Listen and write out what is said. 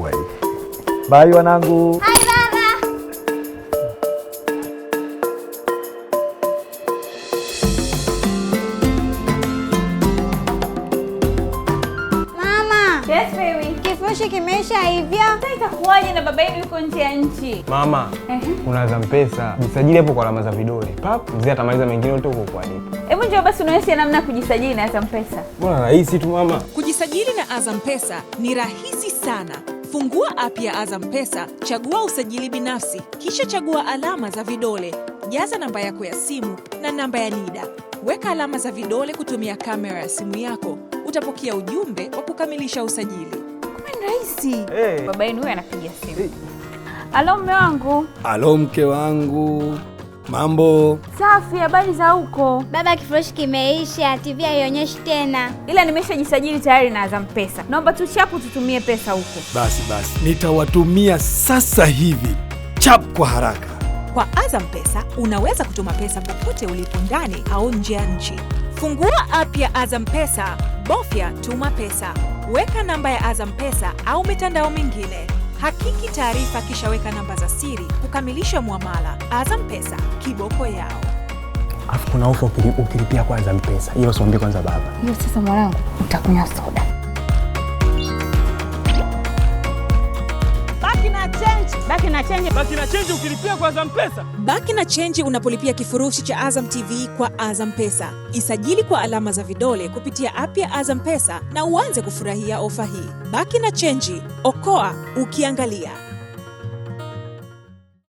Wai. Bye wanangu. Hai baba. Mama. Yes baby. Kifurushi kimeisha hivyo. Sasa itakuwaje na baba yenu yuko nje ya nchi? Mama, unaza mpesa. Jisajili hapo kwa alama za vidole. Pap, mzee atamaliza mengine yote huko kwa alipo. Hebu njoo basi unaonyesha namna ya kujisajili na Azam Pesa. Bwana rahisi tu mama. Kujisajili na Azam Pesa ni rahisi sana. Fungua app ya Azam Pesa, chagua usajili binafsi, kisha chagua alama za vidole. Jaza namba yako ya simu na namba ya NIDA. Weka alama za vidole kutumia kamera ya simu yako. Utapokea ujumbe wa kukamilisha usajili. Kumbe ni rahisi. Hey. Baba yenu huyo anapiga simu. Hey. Alo, mme wangu. Alo, mke wangu. Mambo safi. Habari za huko baba? Kifurushi kimeisha, TV haionyeshi tena, ila nimeshajisajili tayari na Azam Pesa. Naomba tu chapu tutumie pesa huko. Basi basi, nitawatumia sasa hivi chap kwa haraka. Kwa Azam Pesa unaweza kutuma pesa popote ulipo ndani au nje ya nchi. Fungua app ya Azam Pesa, bofya tuma pesa, weka namba ya Azam Pesa au mitandao mingine Hakiki taarifa kisha weka namba za siri kukamilisha muamala. Azam Pesa, kiboko yao. Afu kuna ofa ukilipia kwa Azam Pesa. Hiyo kwanza baba. Hiyo sasa mwanangu utakunywa soda. Baki na Chenji. Baki na Chenji ukilipia kwa Azam Pesa. Baki na Chenji unapolipia kifurushi cha Azam TV kwa Azam Pesa. Isajili kwa alama za vidole kupitia app ya Azam Pesa na uanze kufurahia ofa hii. Baki na Chenji, okoa ukiangalia.